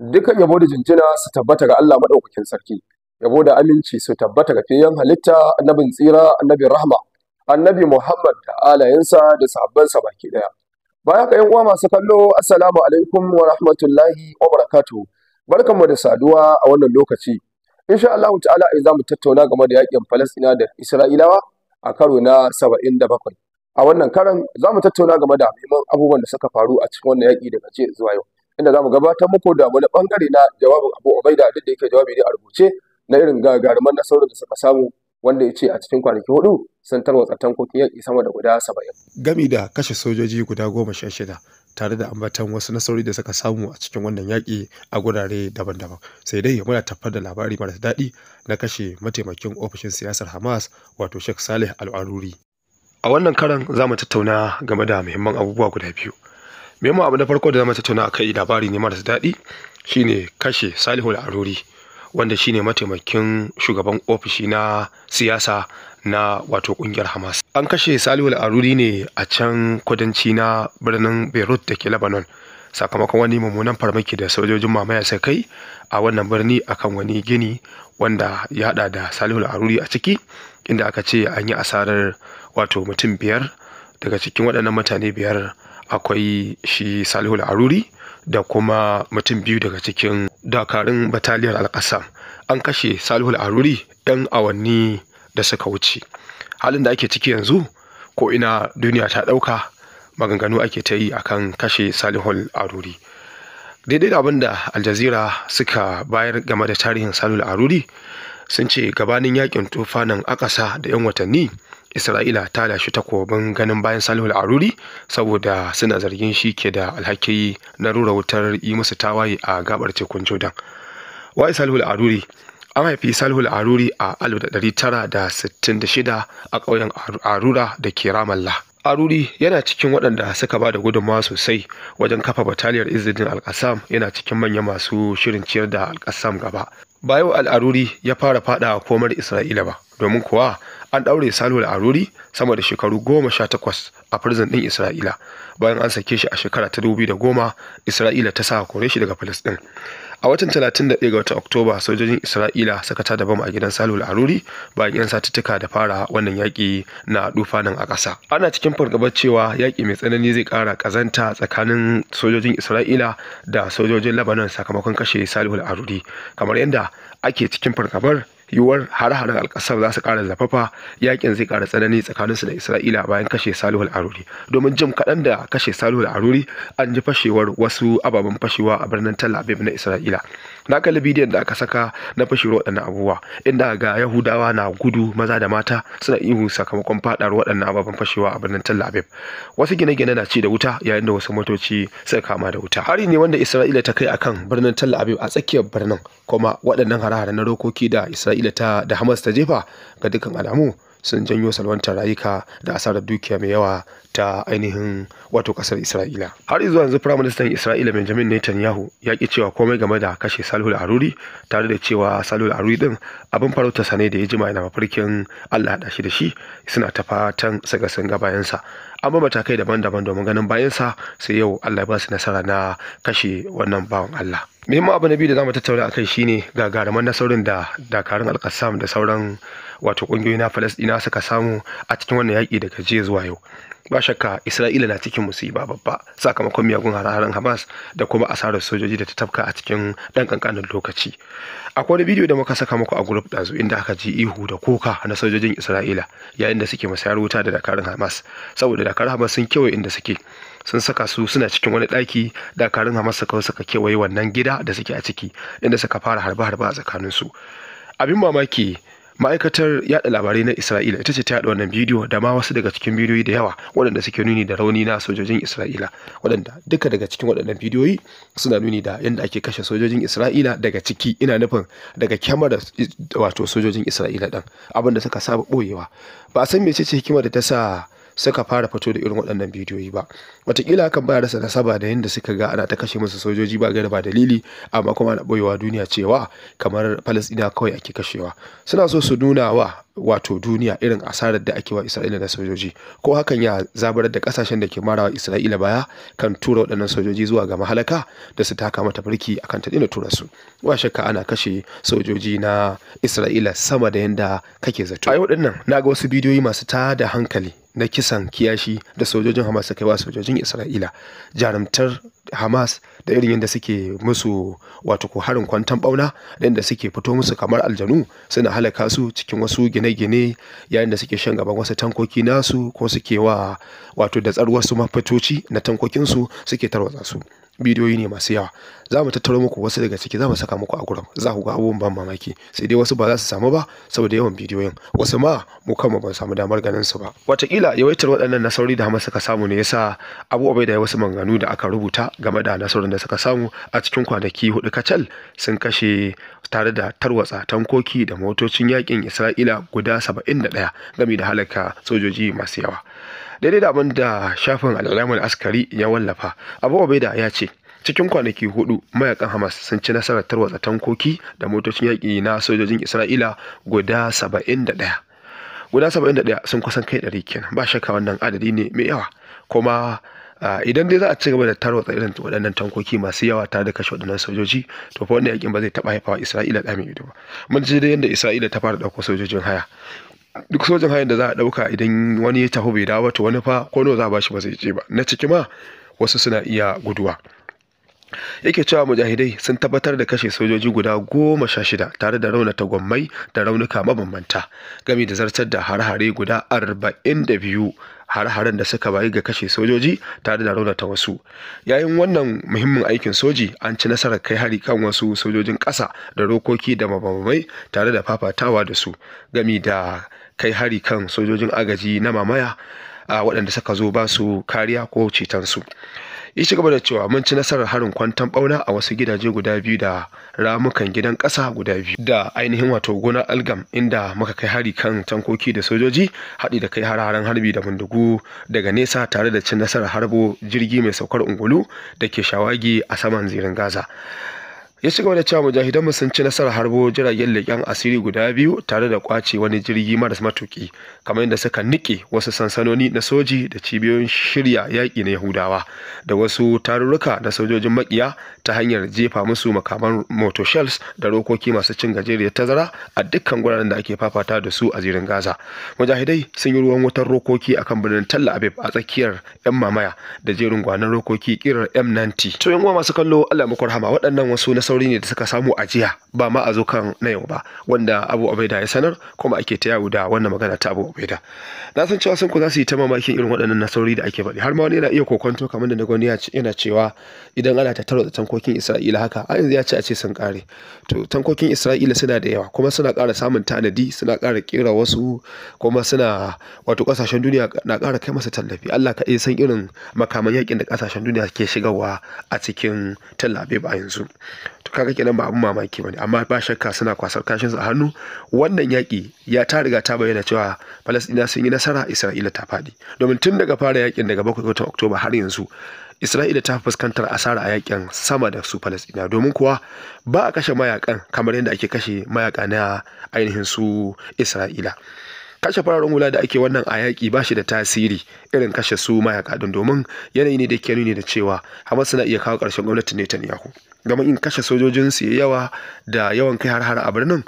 dukan yabo da jinjina su tabbata ga Allah madaukakin sarki yabo da aminci su tabbata ga fiyan halitta annabin tsira annabin rahma annabi Muhammad da alayensa da sahabbansa baki daya baya ga yan uwa masu kallo assalamu alaikum wa rahmatullahi wa barakatuh barkanmu da saduwa a wannan lokaci insha Allah ta'ala ai zamu tattauna game da yakin Falastina da Isra'ilawa a karo na 77 a wannan karan zamu tattauna game da abubuwan da suka faru a cikin wannan yaki daga jiya zuwa yau inda mu gabatar muku da wani bangare na jawabin Abu Ubaida duk da yake jawabi ne a rubuce na irin gagaruman nasarar da suka samu wanda ya ce a cikin kwanaki hudu sun tarwa tarwatsa kokin yaƙi sama da guda saba'in. Gami da kashe sojoji guda goma sha shida tare da ambatan wasu nasarori da suka samu a cikin wannan yaƙi a gurare daban-daban sai dai muna tafar da labari maras daɗi na kashe mataimakin ofishin siyasar hamas wato sheikh salih al'aruri a wannan karan za mu tattauna game da muhimman abubuwa guda biyu Memo abu na farko da zama tattauna a kai labari ne marasa daɗi shine kashe Salihu Aruri wanda shine mataimakin shugaban ofishi na siyasa na wato ƙungiyar Hamas. An kashe Salihu Aruri ne a can kudanci na birnin Beirut da ke Lebanon sakamakon wani mummunan farmaki da sojojin mamaya sai kai a wannan birni akan wani gini wanda ya hada da Salihu Aruri a ciki inda aka ce an yi asarar wato mutum biyar daga cikin waɗannan mutane biyar akwai shi salihul aruri da kuma mutum biyu daga cikin dakarun bataliyar alƙasa an kashe salihul aruri ɗan awanni da suka wuce halin da ake ciki yanzu ko ina duniya ta ɗauka maganganu ake ta yi akan kashe salihul aruri daidai da abin da aljazira suka bayar game da tarihin salihul aruri sun ce gabanin yakin tufanin akasa da 'yan watanni isra'ila ta lashe takobin ganin bayan salihu aruri saboda suna zargin shi ke da alhaki na rura wutar yi musu tawaye a gabar tekun jordan wai salihu aruri an haifi salihu aruri a 1966 a ƙauyen arura da ke ramallah aruri yana cikin waɗanda suka ba da gudunmawa sosai wajen kafa bataliyar izidin Al-Qassam, yana cikin manya masu shirin ciyar da Al-Qassam gaba ba yau al'aruri ya fara fada komar isra'ila ba domin kuwa an ɗaure Samuel Aruri sama da shekaru goma sha takwas a prison ɗin Isra'ila bayan an sake shi a shekara ta dubu da goma Isra'ila ta sa kore shi daga Falasɗin. A watan Talatin da ɗaya ga watan Oktoba sojojin Isra'ila suka tada bam a gidan Samuel Aruri bayan 'yan satuttuka da fara wannan yaƙi na dufanin a ƙasa. Ana cikin fargabar cewa yaƙi mai tsanani zai ƙara ƙazanta tsakanin sojojin Isra'ila da sojojin labanon sakamakon kashe Samuel Aruri kamar yadda ake cikin fargabar yiwuwar hare-haren alkasar za su ƙara zafafa yakin zai ƙara tsanani tsakaninsu da isra'ila bayan kashe salihu aruri domin jim kaɗan da kashe salihu aruri an ji fashewar wasu ababen fashewa a birnin tel na isra'ila na kalli bidiyon da aka saka na fashewar waɗannan abubuwa inda ga yahudawa na gudu maza da mata suna ihu sakamakon faɗar waɗannan ababen fashewa a birnin tel wasu gine-gine na ci da wuta yayin da wasu motoci suka kama da wuta hari ne wanda isra'ila ta kai akan birnin tel a tsakiyar birnin kuma waɗannan hare-hare na rokoki da isra'ila isra'ila ta da hamas ta jefa ga dukkan alamu sun janyo salwantar rayuka da asarar dukiya mai yawa ta ainihin wato kasar isra'ila har zuwa yanzu firaministan isra'ila benjamin netanyahu ya ki cewa komai game da kashe salihu aruri tare da cewa salul aruri din abin farauta sane da ya jima yana mafarkin allah da shi da shi suna ta fatan saga sun bayansa an matakai daban-daban domin ganin bayansa sai yau allah ya ba su nasara na kashe wannan bawan allah muhimmin abu na biyu da zamu tattauna akai shine garaman nasarorin da dakarun alkassam da sauran wato ƙungiyoyi na falasɗina suka samu a cikin wannan yaƙi daga jiya zuwa yau ba shakka isra'ila na cikin musiba babba sakamakon miyagun hare hamas da kuma asarar sojoji da ta tafka a cikin ɗan ƙanƙanin lokaci akwai wani bidiyo da muka saka muku a grup ɗazu inda aka ji ihu da kuka na sojojin isra'ila yayin da suke musayar wuta da dakarun hamas saboda dakarun hamas sun kewaye inda suke sun saka su suna cikin wani ɗaki dakarun hamas kawai suka kewaye wannan gida da suke a ciki inda suka fara harba harba a su abin mamaki ma'aikatar yada labarai na isra'ila ita ce ta yada wannan bidiyo da ma wasu daga cikin bidiyoyi da yawa waɗanda suke nuni da rauni na sojojin isra'ila waɗanda duka daga cikin waɗannan bidiyoyi suna nuni da yadda ake kashe sojojin isra'ila daga ciki ina nufin daga kyamara wato sojojin isra'ila ɗin abin da suka saba ɓoyewa ba a san mece ce hikimar da ta sa suka fara fito da irin waɗannan bidiyoyi ba wataƙila kan ba rasa nasaba da yadda suka ga ana ta kashe musu sojoji ba gara ba dalili amma kuma ana ɓoyewa duniya cewa kamar falasɗina kawai ake kashewa suna so su nuna wa wato duniya irin asarar da ake wa isra'ila na sojoji ko hakan ya zabarar da kasashen da ke marawa isra'ila baya kan tura waɗannan sojoji zuwa ga mahalaka da su taka mata birki akan ta daina tura su ba shakka ana kashe sojoji na isra'ila sama da yadda kake zato a waɗannan na ga wasu bidiyoyi masu tada hankali na kisan kiyashi da sojojin hamas suka wa sojojin isra'ila jarumtar hamas da irin yadda suke musu wato ko harin kwantan bauna da yadda suke fito musu kamar aljanu suna halaka su cikin wasu gine-gine yayin da suke shan gaban wasu tankoki nasu ko suke wa wato da tsaruwar su mafitoci na tankokinsu suke tarwatsa su bidiyoyi ne masu yawa za mu tattaro muku wasu daga ciki za mu saka muku a gurin za ku ga abubuwan ban mamaki sai dai wasu ba za su samu ba saboda yawan bidiyoyin wasu ma mu kanmu ban samu damar ganin su ba watakila yawaitar waɗannan nasarori da hamas suka samu ne yasa abu obai da wasu manganu da aka rubuta game da nasarorin da suka samu a cikin kwanaki hudu kacal sun kashe tare da tarwatsa tankoki da motocin yakin isra'ila guda saba'in da ɗaya game da halaka sojoji masu yawa daidai da abin da shafin al'alamul askari ya wallafa abu obeda ya ce cikin kwanaki hudu mayakan hamas sun ci nasarar tarwatsa tankoki da motocin yaƙi na sojojin isra'ila guda saba'in guda saba'in sun kusan kai ɗari kenan ba shakka wannan adadi ne mai yawa kuma idan dai za a ci gaba da tarwatsa irin waɗannan tankoki masu yawa tare da kashe waɗannan sojoji to fa wannan yakin ba zai taɓa haifawa isra'ila ɗa ido ba mun ji dai yadda isra'ila ta fara ɗauko sojojin haya duk sojan hayan da za a ɗauka idan wani ya tafi bai dawo to wani fa ko nawa za a bashi ba zai je ba na ciki ma wasu suna iya guduwa yake cewa mujahidai sun tabbatar da kashe sojoji guda goma sha shida tare da raunata gwammai da raunuka mabambanta gami da zartar da har-hare guda arba'in da biyu har-haren da suka bayi ga kashe sojoji tare da raunata wasu yayin wannan muhimmin aikin soji an ci nasarar kai hari kan wasu sojojin ƙasa da rokoki da mabambai tare da fafatawa da su gami da kai hari kan sojojin agaji na mamaya a waɗanda suka zo ba su kariya ko cetonsu ya ci gaba da cewa mun ci nasarar harin kwantan bauna a wasu gidaje guda biyu da ramukan gidan ƙasa guda biyu da ainihin wato gonar algam inda muka kai hari kan tankoki da sojoji haɗi da kai har-haren harbi da bindigu daga nesa tare da cin nasarar harbo jirgi mai saukar ungulu da ke shawagi a saman zirin gaza ya ci gaba da cewa mujahidanmu sun ci nasarar harbo jiragen leƙen asiri guda biyu tare da kwace wani jirgi maras matuƙi kamar yadda suka nike wasu sansanoni na soji da cibiyoyin shirya yaƙi na yahudawa da wasu tarurruka na sojojin makiya ta hanyar jefa musu makaman moto shells da rokoki masu cin gajeriyar tazara a dukkan guraren da ake fafata da su a zirin gaza mujahidai sun yi ruwan wutar rokoki akan birnin tel Abib a tsakiyar yan mamaya da jerin gwanan rokoki kirar m90 to yan uwa masu kallo allah mu rahama waɗannan wasu na Sauri ne da suka samu a jiya ba ma a zo kan na yau ba wanda abu ubaida ya sanar kuma ake ta yawo da wannan magana ta abu abaida na san cewa sun ku za su yi ta mamakin irin waɗannan nasarori da ake faɗi har ma wani yana iya kokonto kamar da na gani yana cewa idan ana ta tarwata tankokin isra'ila haka a yanzu ya ce a ce sun kare to tankokin isra'ila suna da yawa kuma suna ƙara samun tanadi suna ƙara ƙera wasu kuma suna wato ƙasashen duniya na ƙara kai masa tallafi allah ka san irin makaman yakin da ƙasashen duniya ke shigarwa a cikin tallafi ba yanzu to kaga kenan ba abin mamaki bane amma ba shakka suna kwasar kashin su a hannu wannan yaki ya ta riga ta bayyana cewa Falasɗina sun yi nasara Isra'ila ta faɗi domin tun daga fara yakin daga 7 watan Oktoba har yanzu Isra'ila ta fuskantar asara a yakin sama da su Falasɗina domin kuwa ba a kashe mayakan kamar yadda ake kashe mayaka na ainihin su Isra'ila kashe fararen hula da ake wannan a yaƙi ba shi da tasiri irin kashe su mayaka don domin yanayi ne da ke nuni da cewa Hamas suna iya kawo ƙarshen gwamnatin Netanyahu. game in kashe sojojin su yi yawa da yawan kai har har a birnin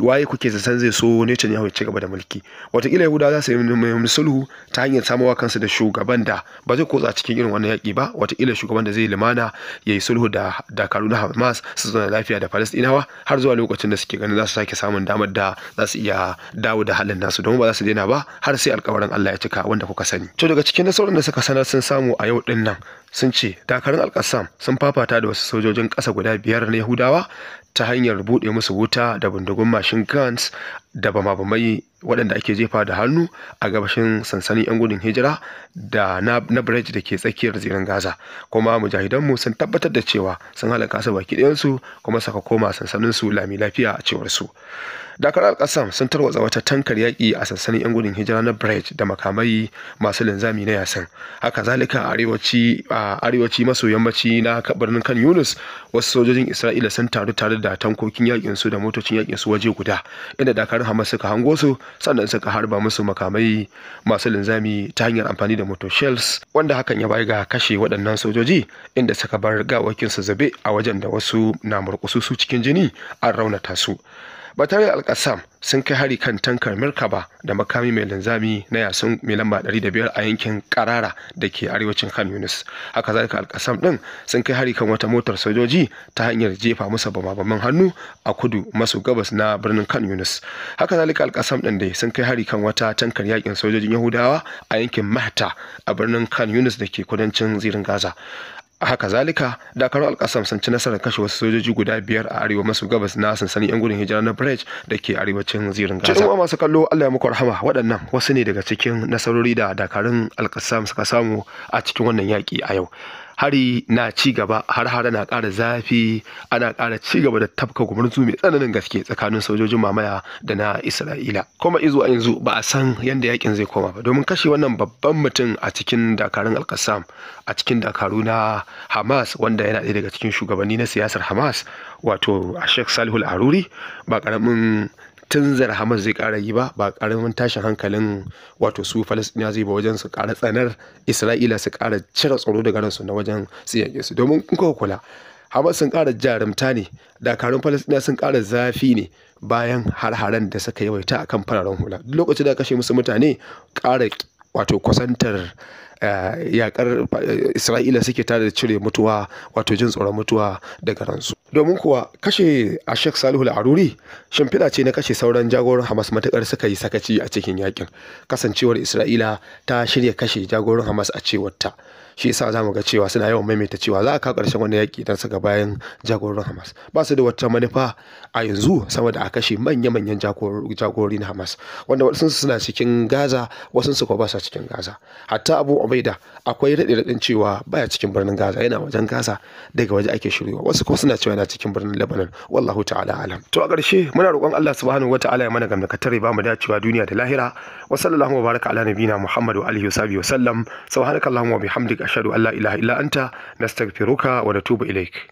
waye kuke zaton zai so ne can ya ci gaba da mulki watakila yahuda za su yi mai sulhu ta hanyar samawa kansu da shugaban da ba zai kotsa cikin irin wannan yaƙi ba watakila shugaban da zai limana ya yi sulhu da dakaru na Hamas su zana lafiya da palestinawa har zuwa lokacin da suke ganin za su sake samun damar da za su iya dawo da halin nasu domin ba za su daina ba har sai alkawarin Allah ya cika wanda kuka sani to daga cikin nasarorin da suka sanar sun samu a yau din nan sun ce dakarun alkassam sun fafata da wasu sojojin ƙasa guda biyar na yahudawa ta hanyar buɗe musu wuta da bindigun mashin guns da bamabamai waɗanda ake jefa da hannu a gabashin sansanin 'yan gudun hijira da na, na bridge da ke tsakiyar zirin gaza kuma mujahidanmu sun tabbatar da cewa sun halaka su baki ɗayansu kuma saka koma sansaninsu lami lafiya a cewar su dakar alkasam sun tarwatsa wata tankar yaƙi a sansanin 'yan gudun hijira na bridge da makamai masu linzami na yasan haka zalika a arewaci maso yammaci na birnin kan yunus wasu sojojin isra'ila sun taru tare da tankokin yaƙin da motocin yaƙin su waje guda inda dakarun hamas suka hango su sannan suka harba musu makamai masu linzami ta hanyar amfani da motor shells wanda hakan ya bai ga kashe waɗannan sojoji inda suka bar gawakin su zabe a wajen da wasu na murƙusu su cikin jini an raunata su batare alkasam sun kai hari kan tankar mirkaba da makami mai linzami na yasun mai lamba 500 a yankin karara da ke arewacin khan Yunus haka zalika alkasam din sun kai hari kan wata motar sojoji ta hanyar jefa musu bababban hannu a kudu maso gabas na birnin khan Yunus haka zalika alkasam ɗin dai sun kai hari kan wata tankar yakin sojojin yahudawa a yankin mahta a birnin khan Yunus da ke kudancin zirin gaza a haka zalika dakarun alkasam sun ci nasarar kashe wasu sojoji guda biyar a arewa maso gabas na sansanin yan gudun hijira na bridge da ke arewacin zirin gaza cikin masu kallo allah ya muku rahama waɗannan wasu ne daga cikin nasarori da dakarun alkasam suka samu a cikin wannan yaƙi a yau hari na ci gaba har har na ƙara zafi ana ƙara ci gaba da tafka gumurzu mai tsananin gaske tsakanin sojojin mamaya da na isra'ila kuma a yanzu ba a san yadda yakin zai koma ba domin kashe wannan babban mutum a cikin dakarun alkasam a cikin dakaru na hamas wanda yana ɗaya daga cikin shugabanni na siyasar hamas wato a sheikh salihul aruri ba ƙaramin tunzar hamas zai kara yi ba ba ƙaramin tashin hankalin wato su falasɗina zai ba wajen su ƙara tsanar isra'ila su kara cire tsoro daga ransu na wajen su yanke su domin in kuka kula hamas sun kara jarumta ne dakarun falasɗina sun ƙara zafi ne bayan har-haren da suka yawaita akan fararen hula duk lokacin da kashe musu mutane ƙara wato kusantar eh, yakar eh, isra'ila suke tare da cire mutuwa wato jin tsoron mutuwa daga ransu domin kuwa kashe a sheikh salihu al'aruri shimfiɗa ce na kashe sauran jagoran hamas matuƙar suka yi sakaci a cikin yakin kasancewar isra'ila ta shirya kashe jagoran hamas a cewarta shi yasa zamu ga cewa suna yawan maimaita cewa za a kawo ƙarshen wani yaƙi don saka bayan jagororin Hamas ba su da wata manufa a yanzu sama da a kashe manya-manyan jagorori na Hamas wanda wasu suna cikin Gaza wasu su ba sa cikin Gaza hatta Abu Ubaida akwai raɗe-raɗin cewa baya cikin birnin Gaza yana wajen Gaza daga waje ake shiryewa wasu kuma suna cewa yana cikin birnin Lebanon wallahu ta'ala alam to a ƙarshe muna roƙon Allah subhanahu wataala ya mana gamdakatar ba mu dacewa duniya da lahira wa sallallahu wa baraka ala nabiyina Muhammad alihi wa sahbihi wa sallam subhanakallahumma wa bihamdika ashhadu an la ilaha illa anta nastaghfiruka wa natubu ilaik